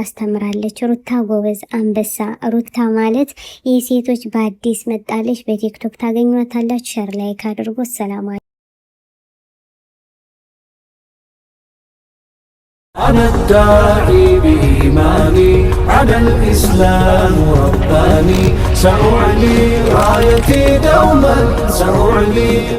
አስተምራለች። ሩታ ጎበዝ አንበሳ። ሩታ ማለት የሴቶች በአዲስ መጣለች። በቲክቶክ ታገኟታላችሁ። ሸር ላይክ አድርጎ ሰላማ أنا الداعي بإيماني على الإسلام رباني سأعلي رايتي دوما سأعلي